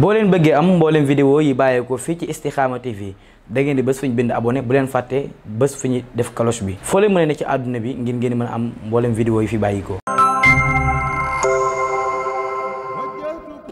boo leen bëggee am mbooleem vidéo yi bàyyeekoo fii ci Istikhama TV da ngeen di bés fu ñu bind abone bu leen fàtte bés fu ñu def cloche bi foo leen mën a ne ci àdduna bi ngir ngeen mën a am mbooleem vidéo yi fi bàyyikoo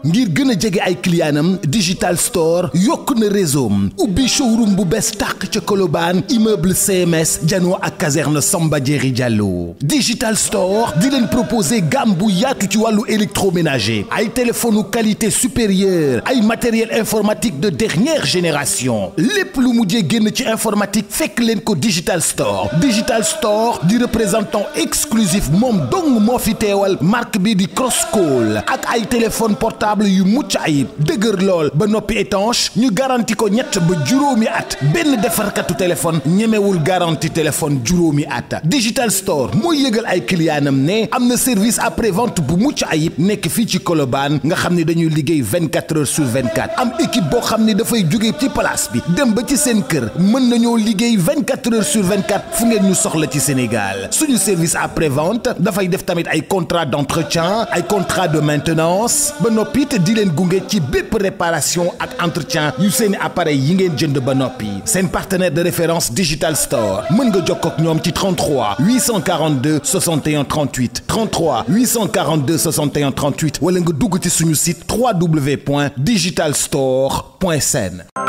ngir gën a jege ay clientam digital store yokk na réseau ubbi showroom bu bees tàq ca Colobane immeuble CMS janoo ak caserne Samba Diéry Diallo digital store di leen proposer gamme bu yaatu ci wàllu électroménager ay téléphone u qualité supérieure ay matériel informatique de dernière génération lépp lu mujjee génn ci informatique fekk leen ko digital store digital store di représentant exclusif moom dong moo fi teewal bi di Crosscall ak ay téléphone jetable yu mucc ayib dëgër lool ba noppi étanche ñu garanti ko ñett ba juróomi at benn defarkatu téléphone ñemewul garanti téléphone juróomi at digital store mooy yëgal ay clientam ne am na service après vente bu mucc ayib nekk fii ci Colobane nga xam ne dañuy liggéey 24 heures sur 24 am équipe boo xam ne dafay jóge ci place bi dem ba ci seen kër mën nañoo liggéey 24 heures sur 24 fu ngeen ñu soxla ci Sénégal suñu service après vente dafay def tamit ay contrat d'entretien ay contrat de maintenance ba noppi te leen gunge ci bépp réparation ak entretien yu seen appareil yi ngeen jënd ba noppi seen partenaire de référence Digital Store mën nga jokkoo ak ñoom ci 33 842 61 38 33 842 61 38 wala nga dugg ci suñu site www.digitalstore.sn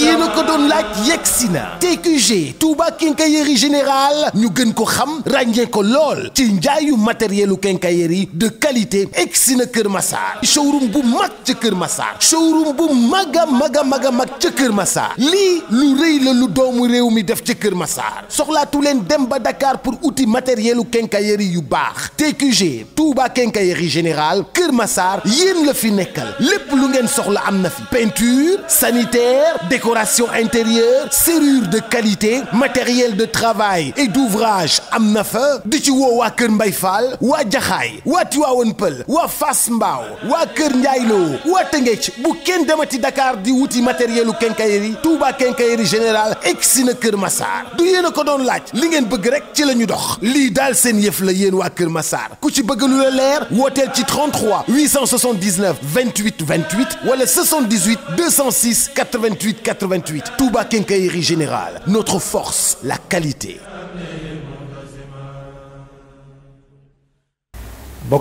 yéen a ko doon laaj yegg si na TQG Touba Quincaillerie général ñu gën ko xam ràññee ko lool ci njaayu matérielu quincaillerie de qualité egg na Kër Massar showroom bu mag ca Kër Massar showroom bu mag a mag a mag ca Kër Massar lii lu rëy la lu doomu réew mi def ca Kër Massar soxlaatu leen dem ba dakaar pour outil matérielu quincaillerie yu baax TQG Touba Quincaillerie général Kër Massar yéen la fi nekkal lépp lu ngeen soxla am na fi peinture sanitaire décoration intérieure serrure de qualité matériel de travail et d'ouvrage am na fa di ci woo waa Kër Mbay Fall waa Jaxaay waa Tiwaawan Pël waa Fass Mbaaw waa Kër Njaayloo waa Tëngéej bu kenn demati Dakar di wuti matériel u quincaillerie Touba quincaillerie générale egsi na Kër Massar du yéen a ko doon laaj li ngeen bëgg rek ci la ñu dox lii daal seen yëf la yéen waa Kër Massar ku ci bëgg lu la leer wooteel ci 33 879 28 28 wala 78 206 88 88 Touba Quincaillerie Générale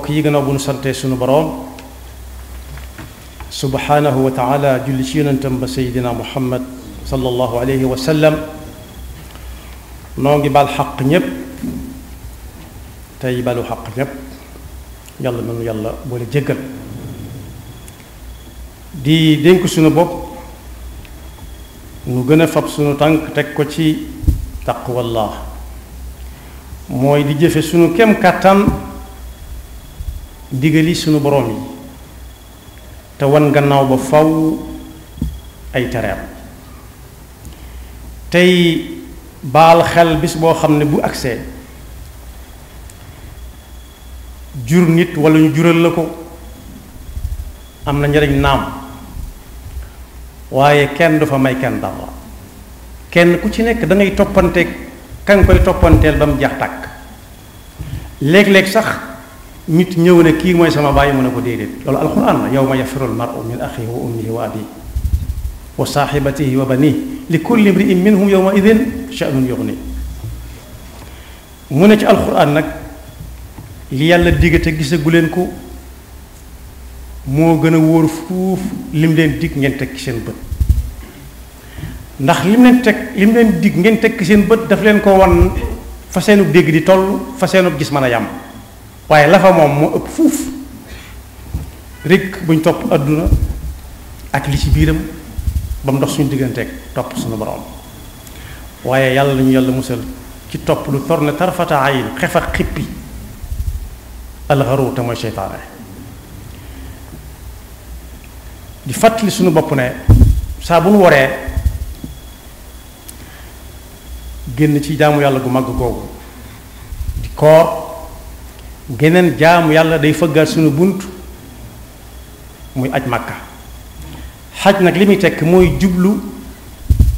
yi gannaaw bu nu sante sunu boroom subhaanahu wa taala julli ci yonentam ba muhammad sallallahu alayhi wa sallam noo ngi xaq ñépp tey balu yàlla nanu di dénk sunu bopp nu gën a fab sunu tànk teg ko ci taqwallah mooy di jëfe sunu kem kàttan digali sunu borom yi te wan gannaaw ba faw ay tereem tey baal xel bis boo xam ne bu agsee jur nit walla ñu jural la ko am na njariñ naam waaye kenn du fa may kenn dara kenn ku ci nekk da ngay toppante ka nga koy toppanteel ba mu jeex tàkk léeg-léeg sax nit ñëw ne kii mooy sama bàyyi mu ne ko déedéet loolu alquran la yawma yafiru almaru min axihi wa ummihi wa abihi wa saaxibatihi wa banihi li kulli imriin minhum yawma idin sha'nun yughni mu ne ci alquran nag yàlla digg te gisagu leen ko moo gën a wóor fuuf lim leen dig ngeen teg seen bët ndax lim leen teg lim leen digg ngeen teg seen bët daf leen ko wan fa seenu dégg di toll fa seenub gis mën a yàmm waaye la fa moom moo ëpp fuuf rekk buñ topp adduna ak li ci biiram ba mu dox suñu digganteeg topp suñu borom waaye yàlla nañu yàlla musal ci topp lu tor ne tarfata ayin xef a xippi alxaru te mooy seytaane di fàttali suñu bopp ne saa bu nu waree génn ci jaamu yàlla gu màgg googu di koor geneen jaamu yàlla day fëggaat suñu bunt muy aj màkka xaj nag li muy tekk mooy jublu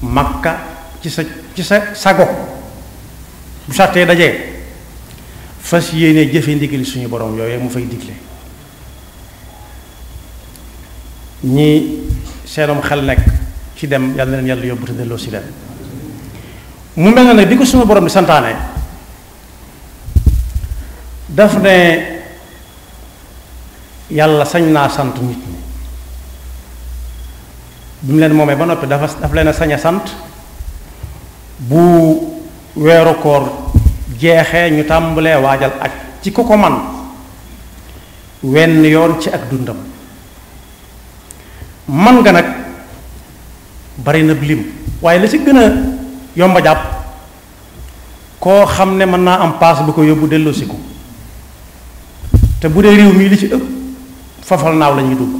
màkka ci sa ci sa sago bu sàttee dajee fas yéene jëfe ndigali suñu borom yooyu mu fay digle ñi seenom xel nekk ci dem yàlla na leen yàlla yóbbu te delloo si leen mu mel na nag bi ko suma borom di santaane daf ne yàlla sañ naa sant nit ñi bi mu leen moomee ba noppi dafa daf leen a sañ sant bu weeru koor jeexee ñu tàmbalee waajal ak ci ku ko man wenn yoon ci ak dundam man nga nag bari na lim waaye la ci gën a yomba jàpp koo xam ne mën naa am paas bu ko yóbbu delloosi ko te bu dee réew mii li ci ëpp fafal naaw lañuy ñuy dugg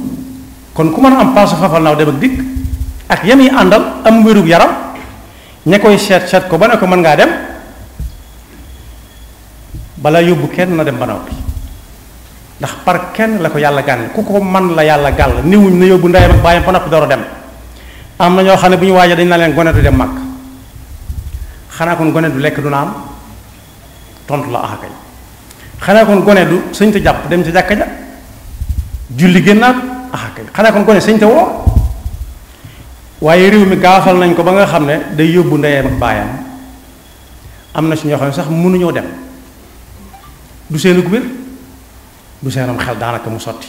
kon ku mën a am paasu fafal naaw dem ak dikk ak yami àndal am wérug yaram ña koy seet seet ko ba ne ko mën ngaa dem bala yóbbu kenn na dem ba noppi ndax par kenn la ko yàlla gàll ku ko man la yàlla gàll niwuñ na yóbbu ndeyam ak bàyyam ba noppi door a dem am na ñoo xam ne bu ñu waajee dañ na leen gone du dem màkk xanaa kon gone du lekk du naam tontu la ah gone du sëñ te jàpp dem ca jàkka ja julli génnaat axakay ah xanaa kon gone sëñ te woo waaye réew mi gaafal nañ ko ba nga xam ne day yóbbu ndeyam ak bàyyam am na si ñoo xam ne sax mënuñoo dem du seen wér du seenam xel daanaka mu sotti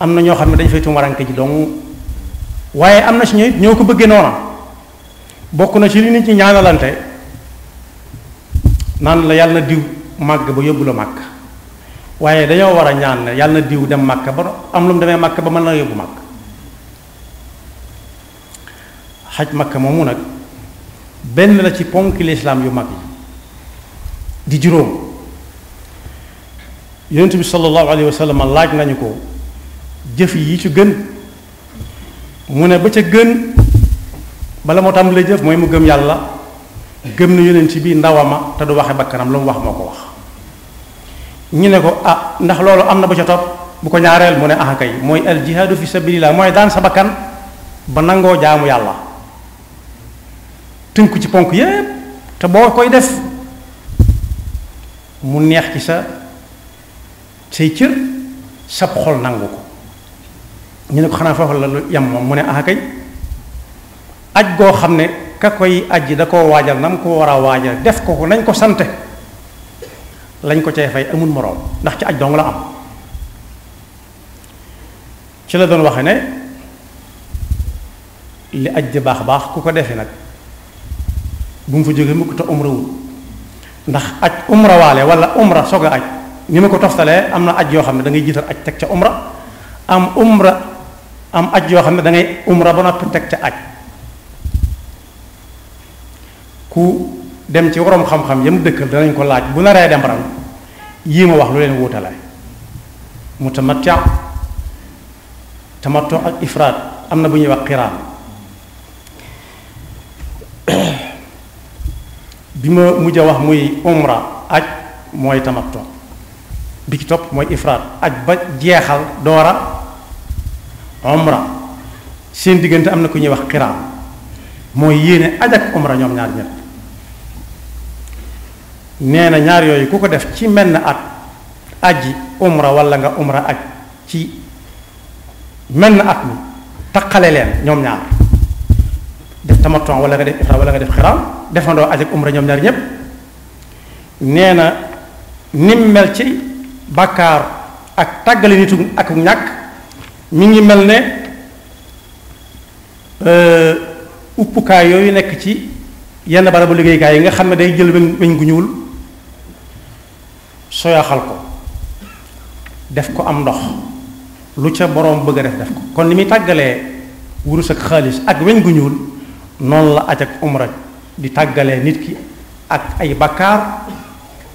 am na ñoo xam ne dañ fay tumaranke ji dong waaye am na si ñooy ñoo ko bëggee noona bokk na ci li nit ñi ñaanalante naan la yàlla na diw màgg ba yóbbu la màkk waaye dañoo war a ñaan ne yàlla na diw dem màkk ba am lu mu demee màkk ba mën na yóbbu mag xaj màkk moomu nag benn la ci ponk lislaam yu mag yi di juróom yonent bi sallallahu alayhi wa sallam laaj nañu ko jëf yi ci gën mu ne ba ca gën bala moo tàmbalee jëf mooy mu gëm yàlla gëm na yonent bi ndawama te du waxe bakkanam lu mu wax moo ko wax ñu ne ko ah ndax loolu am na ba ca topp bu ko ñaareel mu ne ah kay mooy al jihaadu fi sabilillah mooy daan sa bakkan ba nangoo jaamu yàlla tënku ci ponk yépp te boo koy def mu neex ci sa say cër sab xol nangu ko ñu ne ko xanaa foofu la lu yem moom mu ne ah kay aj goo xam ne ka koy ajji da koo waajal na mu ko war a waajal def ko ko nañ ko sante lañ ko cay fay amul moroom ndax ci aj dong la am ci la doon waxe ne li aj di baax baax ku ko defee nag bu mu fa jógee mukk te umra wul ndax aj umra waale wala umra soog a aj ni ma ko toftalee am na aj yoo xam ne da ngay jiital aj teg ca umra am umra am aj yoo xam ne dangay ngay umra ba noppi teg ca aj ku dem ci waroom xam-xam yam dëkkal danañ ko laaj bu naree dem ran yii ma wax lu leen wuutale mutamatti tamattu ak ifraat am na bu ñuy wax xiraan bi ma mujj wax muy umra aj mooy tamattu bi ci topp mooy ifraat aj ba jeexal doora omra seen diggante am na ku ñuy wax xiraam mooy yéene aj na ñaar yooyu ku ko def ci mel na at aji umra ci mel na at mi taqale leen ñoom ñaar def tamaton wala def ifra defandoo aj ak umra ci bàkkaar ak tàggale nitu ak ñàkk mi ngi mel ne euh, uppukaay yooyu nekk ci yenn barabu liggéeykaay yi nga xam ne day jël weñ gu ñuul soyaxal ko def ko am ndox lu ca boroom bëgg a def def ko kon ni muy tàggalee wurus ak xaalis ak weñ gu ñuul noonu la aj ak umra di tàggalee nit ki ak ay bakkaar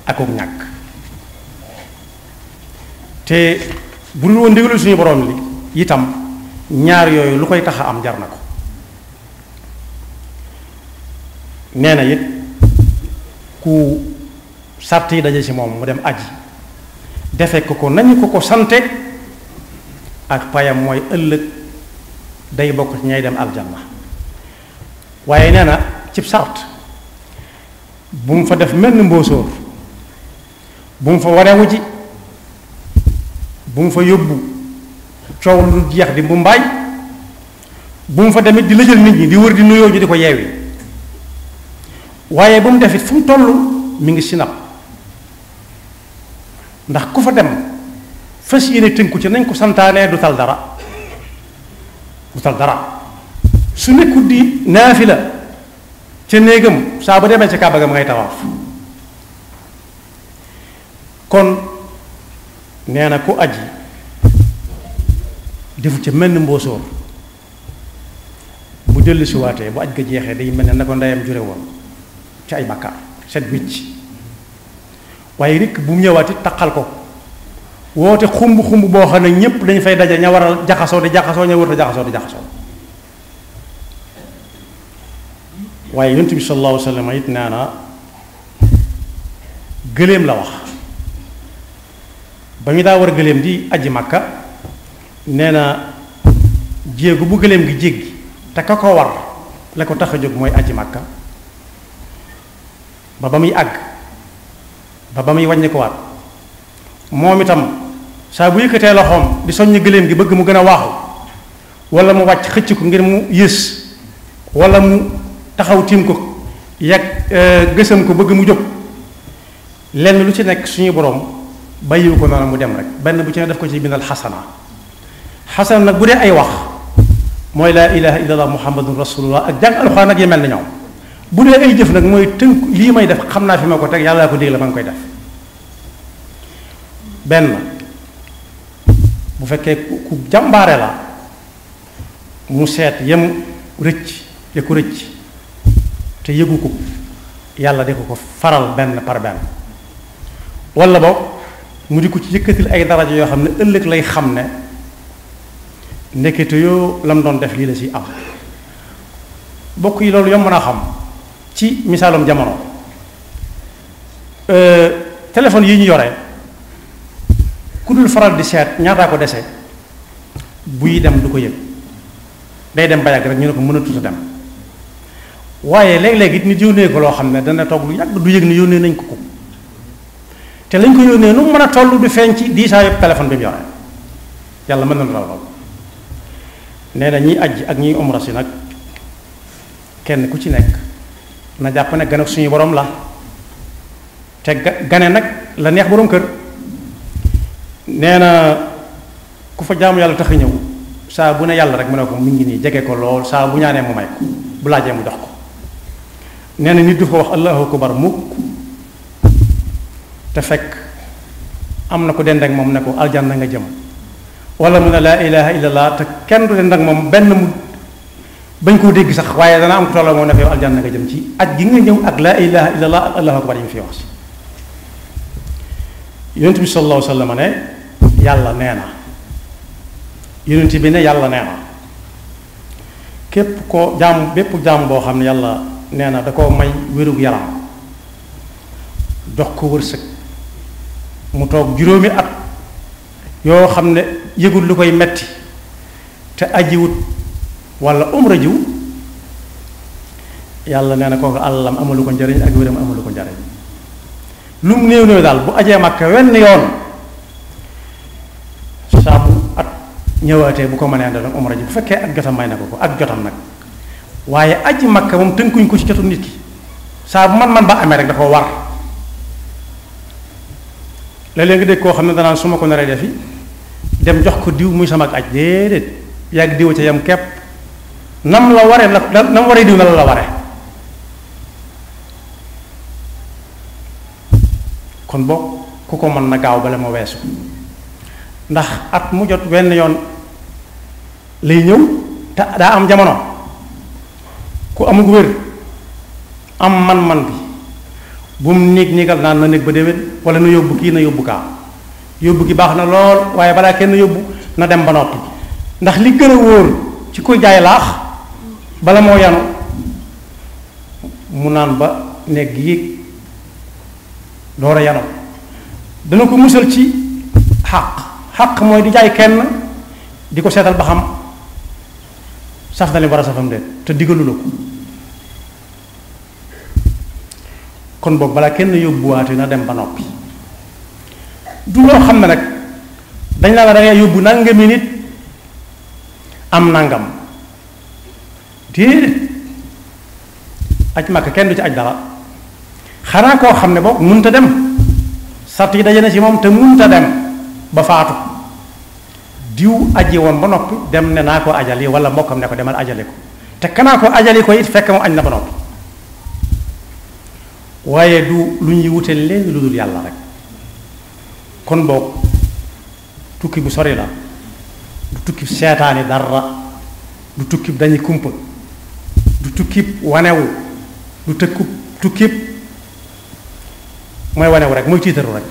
akuk ñàkk te bu dul woon ndigalu suñu borom li itam ñaar yooyu lu koy tax am jar na ko nee na it ku sart yi daje si moom mu dem aji defe ko ko nañu ko ko sante ak payam mooy ëllëg day bokk ci ñay dem aljanna waaye nee na cib sart bu mu fa def mel ni mbóosóor bu mu fa warewu ji bu mu fa yóbbu coow lu jeex di bu mbaay bu mu fa demit di lëjal nit ñi di wër di nuyoo ñu di ko yeewi waaye bu mu defit fu mu toll mi ngi sinap ndax ku fa dem fas yéene tënku ci nañ ko santaanee du tal dara du tal dara su nekkul di la ca néegam saa ba demee ca kaaba ga ma ngay tawaaf kon nee na ku aji defu ca mel ni mboosóor bu dellu si waatee bu aj ga jeexee day mel ne na ko ndeyam jure woon ci ay bàkkaar set wicc waaye rikk bu mu ñëwaati taqal ko woote xumb xumb boo xam ne ñépp dañ fay daje ña war a jaxasoo di jaxasoo ña warut a jaxasoo di jaxasoo waaye yonent bi sallallahu alayhi it nee na gëléem la wax ba ñu daa war gëléem di aji màkka nee na jéegu bu gëléem gi jéggi te ka ko war la ko tax a jóg mooy aji màkka ba ba muy àgg ba ba muy wàññi moom itam saa bu yëkkatee loxoom di soññ gëléem gi bëgg mu gën a waaxu wala mu wàcc xëcc ko ngir mu yées walla mu taxaw tiim ko yàgg euh, gësam ko bëgg mu jóg lenn lu ci nekk suñu boroom bàyyiwu ko noonu mu dem rek benn bu ci ne def ko ci bindal xasana xasana nag bu dee ay wax mooy laa ilaha illallah muhammadun rasulullah ak jàng alxuraan ak yi mel ni ñoom bu dee ay jëf nag mooy tënk lii may def xam naa fi ma ko teg yàlla ko digle ma ngi koy def benn bu fekkee ku jàmbaare la mu seet yem rëcc ya rëcc te yëgu ko yàlla di ko ko faral benn par benn wala boog mu di ko ci yëkkatil ay daraja yoo xam ne ëllëg lay xam ne ndekete yoo lam doon def lii la si am bokk yi loolu yomb naa xam ci misaalum jamono euh, téléphone yi ñu yore ku dul faral di seet ñaataa ko dese buy dem du ko yëg day dem bayàgg rek ñu ne ko mën a tuta dem waaye léeg-léeg it nit yónnee ko loo xam ne dana toog lu yàgg du yëg ne yónnee nañ ko ko te lañ ko yónnee nu mu mën a tollu du feeñ ci diisaayu téléphone bi mu yore yàlla mën na la lool nee na ñiy ajj ak ñiy umra si nag kenn ku ci nekk na jàpp ne gan ak suñu borom la te gane nag la neex boroom kër nee na ku fa jaamu yàlla tax ñëw saa bu ne yàlla rek mu ne ko mu ngi nii jege ko lool saa bu ñaanee mu may ko bu laajee mu jox ko nee nit du fa wax allahu akbar mukk te fekk am na ko dend ak moom ne ko aljanna nga jëm wala mu ne laa ilaha illallah te kenn du dend ak moom benn mu bañ koo dégg sax waaye dana am ko tolloo moom ne ko yow aljanna nga jëm ci ak gi nga ñëw ak laa ilaha illallah ak allahu akbar yi mu fi wax bi sallallahu alayhi wa sallam ne yàlla nee na yonent bi ne yàlla nee na képp ko jaam bépp jaam boo xam ne yàlla nee na da koo may wérug yaram jox ko wërsëg mu toog juróomi at yoo xam ne yëgul lu koy metti te ajiwut walla umra jiw yàlla nee na kooku àllam amalu ko njariñ ak wéram amalu ko njariñ lu mu néew néew daal bu ajee Makka wenn yoon saabu at ñëwaatee bu ko mënee dana umra ji bu fekkee ak jotam may na ko ko ak jotam nag waaye aji Makka moom tënkuñu ko ci jotu nit ki saa bu man man ba amee rek dafa war léeg-léeg nga dégg koo xam ne danaan su ma ko naree defi dem jox ko diw muy sama ak aj déedéet yàgg diw ca yam kepp nam la waree la nam waree diw na la la waree kon bokk ku ko mën na gaaw bale ma weesu ndax at mu jot wenn yoon lay ñëw te daa am jamono ku amul wér am man-man bi bu mu néeg néegal naan na néeg ba déwén wala na yóbbu kii na yóbbu kaam yóbbu ki baax na lool waaye balaa kenn yóbbu na dem ba noppi ndax li gën a wóor ci ko jaay laax bala moo yanu mu naan ba néeg yéeg door a yanu dana ko musal ci xaq xaq mooy di jaay kenn di ko seetal ba xam saf na li war a safam de te digalu ko kon boobu balaa kenn yóbbuwaate na dem ba noppi du loo xam ne nag dañ laa la da ngay yóbbu nangami nit am nangam déedéet aj màkk kenn du ci aj dara xanaa koo xam ne boog munta dem sart yi daje na ci moom te munta dem ba faatu diw aji woon ba noppi dem ne naa ko ajali wala mbokkam ne ko demal ajali ko te kanaa koo ajali ko it fekk moom aj na ba noppi waaye du lu ñuy wute leen lu dul yàlla rek kon boog tukki bu sori la du tukki seetaani dara du tukki dañuy kumpa du tukki wanewu du tëkku tukki mooy wanewu rek mooy tiitaru rek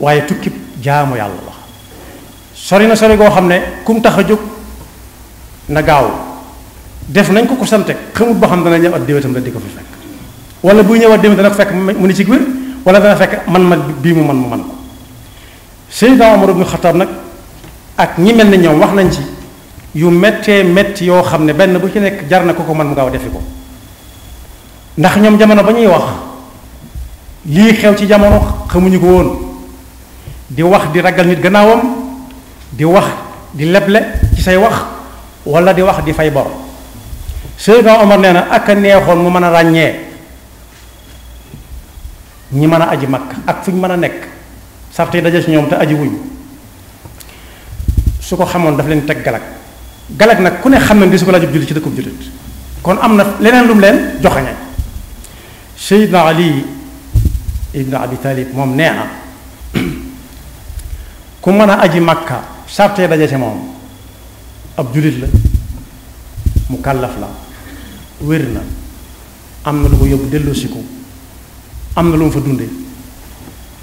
waaye tukki jaamu yàlla la sori na sori goo xam ne kum tax a jóg na gaaw def nañ ko ko sante xamut boo xam dana ñëw ak déwétam la di ko fekk wala buy ñëwaat déwén dana fekk mu ne ci wér wala dana fekk man ma bii mu man mu man ko Seydina Omar ibnu Xattaab nag ak ñi mel ne ñoom wax nañ ci yu méttee métti yoo xam ne benn bu ci nekk jar na ko ko man mu gaaw defi ko ndax ñoom jamono ba ñuy wax lii xew ci jamono xamuñu ko woon di wax di ragal nit gannaawam di wax di leble ci say wax wala di wax di fay bor Seydina Omar nee na ak a neexoon mu mën a ràññee ñi mën a aji makk ak fu ñu mën a nekk sarte yi si ci ñoom te aji wuñ su ko xamoon daf leen teg galag galag nag ku ne xam ne di su ko laajub jullit ci dëkkub jullit kon am na leneen lu leen joxañe Seydina Ali ibn Abi Talib moom nee na ku mën a aji makka sart yi daje ci moom ab jullit la mu kàllaf la wér na am na lu ko yóbbu ko am na lu mu fa dunde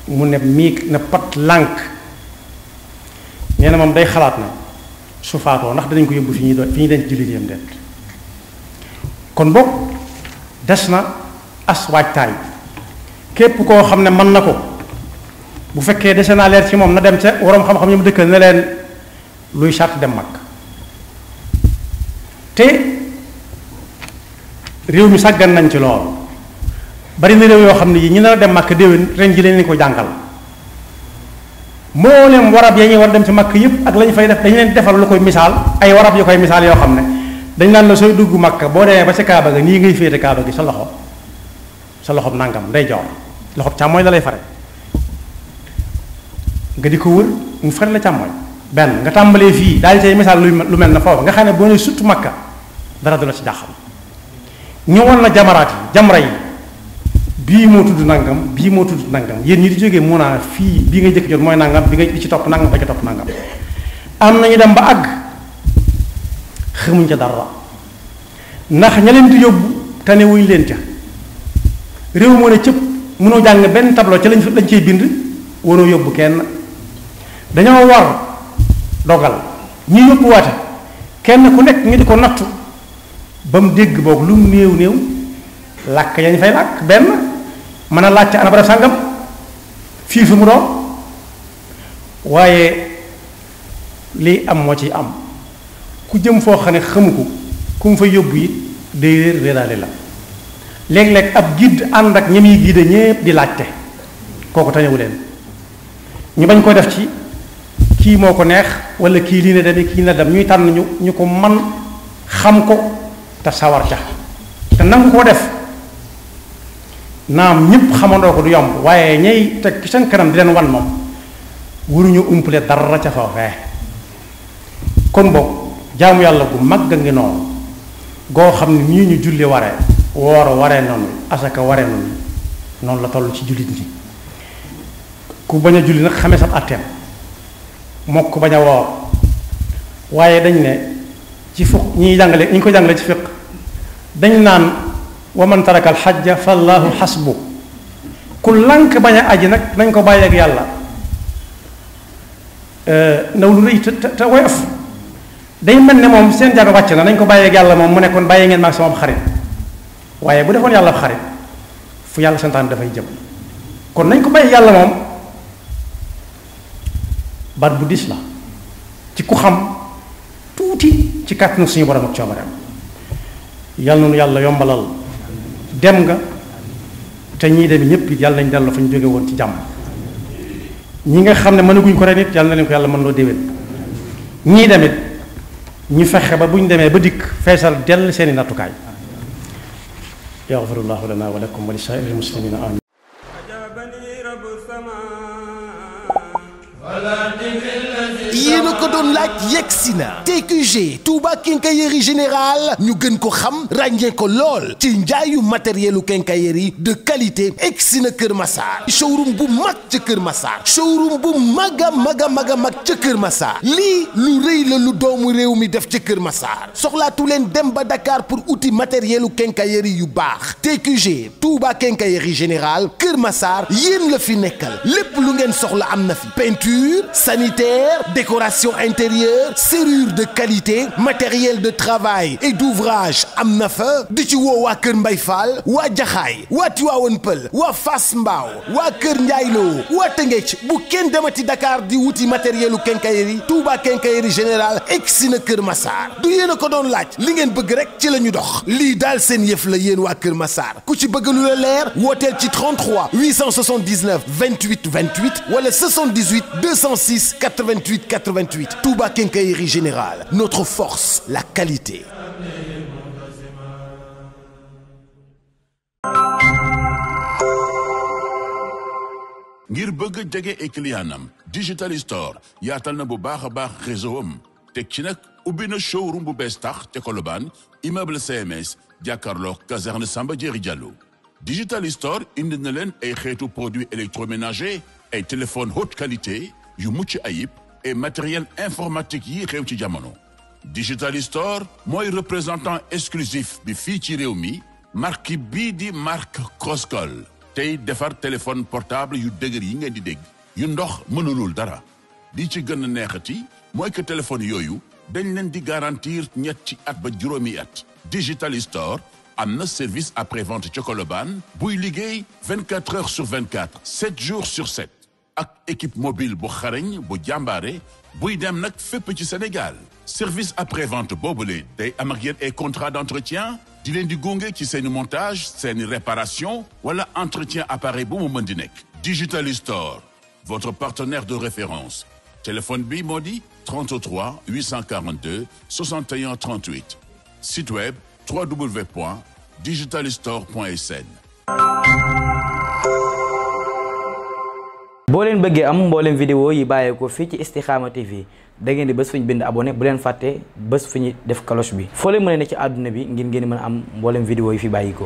mu ne miig na pat lànk nee na moom day xalaat na su faatoo ndax danañ ko yóbbu fi ñuy doon fi ñuy denc jullit yam det kon boog des na as waajtaay képp koo xam ne mën na ko bu fekkee dese naa leer ci moom na dem ca waroom xam-xam ñu mu dëkkal ne leen luy sàrt dem mag te réew mi sàggan nañ ci lool bari na réew yoo xam ne yii ñu nar a dem màkk déwén ren ji leen ko jàngal mboolem warab ya ñuy war dem ci màkk yëpp ak la fay def dañu leen defar lu koy misaal ay warab yu koy misaal yoo xam ne dañ naan la sooy dugg màkk boo demee ba sa kaaba ga nii ngay féete kaaba gi sa loxo sa loxob nangam day joor loxo càmmooñ la lay fare nga di ko wër mu fare la càmmooñ benn nga tàmbalee fii daal di say misaal lu mel na foofu nga xam ne boo ne sut màkka dara du la ci jaaxal ñu won la jamaraat yi bii moo tudd nangam bii moo tudd nangam yéen ñi di jógee mun naa fii bii nga jëkk jot mooy nangam bi nga di ci topp nangam ba ca topp nangam am nañu dem ba àgg xamuñ ca dara ndax ña leen di yóbbu tane wuñ leen ca réew moo ne cëpp mënoo jàng benn tableau ca lañ fa lañ cey bind wanoo yóbbu kenn dañoo war dogal ñi yóbbu waate kenn ku nekk nga di ko nattu ba mu dégg boog lu mu néew néew làkk yañ fay làkk benn mën a laajte ana barab sàngam fii fi mu doon waaye lii am moo ci am ku jëm foo xam ne xamu ko ku mu fa yóbbu it day réeraale la léeg lekk ab guide ànd ak ñi muy guide ñépp di laajte kooku tañewu leen ñu bañ koy def ci kii moo ko neex wala kii lii na demee kii na dem ñuy tànn ñu ñu ko man xam ko te sawar ca te nangu koo def naam ñëpp xamandoo ko du yomb waaye ñay teg ci seen kanam di leen wan moom waruñu umpale dara ca foofee kon boog jaamu yàlla gu mag a ngi noonu goo xam ne ñu ñu julli waree woor waree noonu asaka waree noonu noonu la toll ci jullit ñi ku bañ a julli nag xamee sab àtteem mook ku bañ a woor waaye dañ ne ci fukk ñi jàngale ñi ko jàngale ci fiq dañ naan wa man taraka alxajja fa allahu xasbu ku lànk bañ a aji nag nañ ko bàyyeeg yàlla eh, naw lu rëy te te woyof day mel ne moom seen jabe wàcc na nañ ko bàyyeeg yàlla moom mu nekkoon bàyyi ngeen maag sama xarit waaye bu defoon yàlla ab xarit fu yàlla santaan dafay jëm kon nañ ko bàyyi yàlla moom bar bu dis la ci ku xam tuuti ci kàttanu suñu borom ak coobareem yàlla noonu yàlla yombalal dem nga te ñii dem ñëpp it yàlla nañ delloo fa ñu jóge woon ci jàmm ñi nga xam ne mën mënaguñ ko ren it yàlla na leen ko yàlla mën loo déwén ñii demit ñu fexe ba bu ñu demee ba dikk feesal dell seeni nattukaay yaxfirullahu lana wa lakum wa li saa'iril muslimina yéen a ko doon laaj yegg si na TQG Touba Quincaillerie Générale ñu gën ko xam ràññee ko lool ci njaayu matérielu quincaillerie de qualité egg na Kër Massar showroom bu mag ca Kër Massar showroom bu mag a mag a mag ca Kër Massar lii lu rëy la lu doomu réew mi def ca Kër Massar soxlaatu leen dem ba dakaar pour outil matérielu quincaillerie yu baax TQG Touba Quincaillerie Générale Kër Massar yéen la fi nekkal lépp lu ngeen soxla am na fi peinture sanitaire décoration intérieure serrure de qualité matériel de travail et d'ouvrage am na fa di ci woo waa Kër Mbay Fall waa Jaxaay waa Tiwaawan Pël waa Fass Mbaaw waa Kër Njaayloo waa Tëngéej bu kenn demati Dakar di wuti matérielu quincaillerie Touba quincaillerie générale egsi na Kër Massar du yéen a ko doon laaj li ngeen bëgg rek ci la ñu dox lii daal seen yëf la yéen waa Kër Massar ku ci bëgg lu la leer wooteel ci 33 879 28 28 wala 78 206 88 88 Touba Quincaillerie Générale notre force la qualité. ngir bëgg jege ay clientam digital store yaatal na bu baax a baax réseau am teg ci nag ubbi na showroom bu bees tax te Colobane immeuble CMS jàkkaarloo caserne Samba Diéry Diallo digital store indi na leen ay xeetu produit produits électroménager ay téléphones haute qualité yu mucc ayib. et matériel informatique yi xew ci jamono digital store mooy représentant exclusif bi fii ci réew mi marque bii di marque Crosscall tey defar téléphone portable yu dëgër yi ngeen di dégg yu ndox mënulul dara di ci gën a neexati mooy que téléphone yooyu dañ leen di garantir ñetti at ba juróomi at digital store am na service après vente ci Colobane buy liggéey vingt 24 heures sur 24 7 jours sur 7 ak équipe mobile bu xarañ bu jàmbaare buy dem nag fépp ci Sénégal service après-vente boobule day am ak ay contrat d'entretien di leen di gunge ci seeni montage seeni réparation wala entretien appareil bu mu mën di nekk Digital Store partenaire de référence téléphone bi moo di 33 842 61 38 site web www.digitalstore.sn boo leen bëggee am mbooleem vidéo yi bàyyeekoo fii ci Istikhama TV da ngeen di bés fu ñu bind abone bu leen fàtte bés fu ñu def cloche bi foo leen mën ne ci àdduna bi ngir ngeen mën a am mbooleem vidéo yi fi bàyyikoo